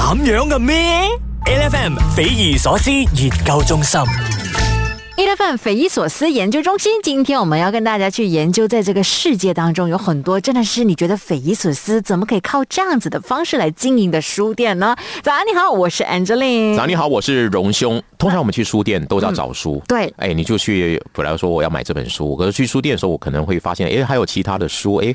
咁樣嘅咩？L F M 匪夷所思研究中心，L F M 匪夷所思研究中心，今天我們要跟大家去研究，在這個世界當中，有很多真的是你覺得匪夷所思，怎麼可以靠這樣子的方式來經營的書店呢？早安，你好，我是 Angeline。早安，你好，我是容兄。通常我們去書店都要找書，嗯、對，哎，你就去本來說我要買這本書，可是去書店的時候，我可能會發現，哎，還有其他的書，哎。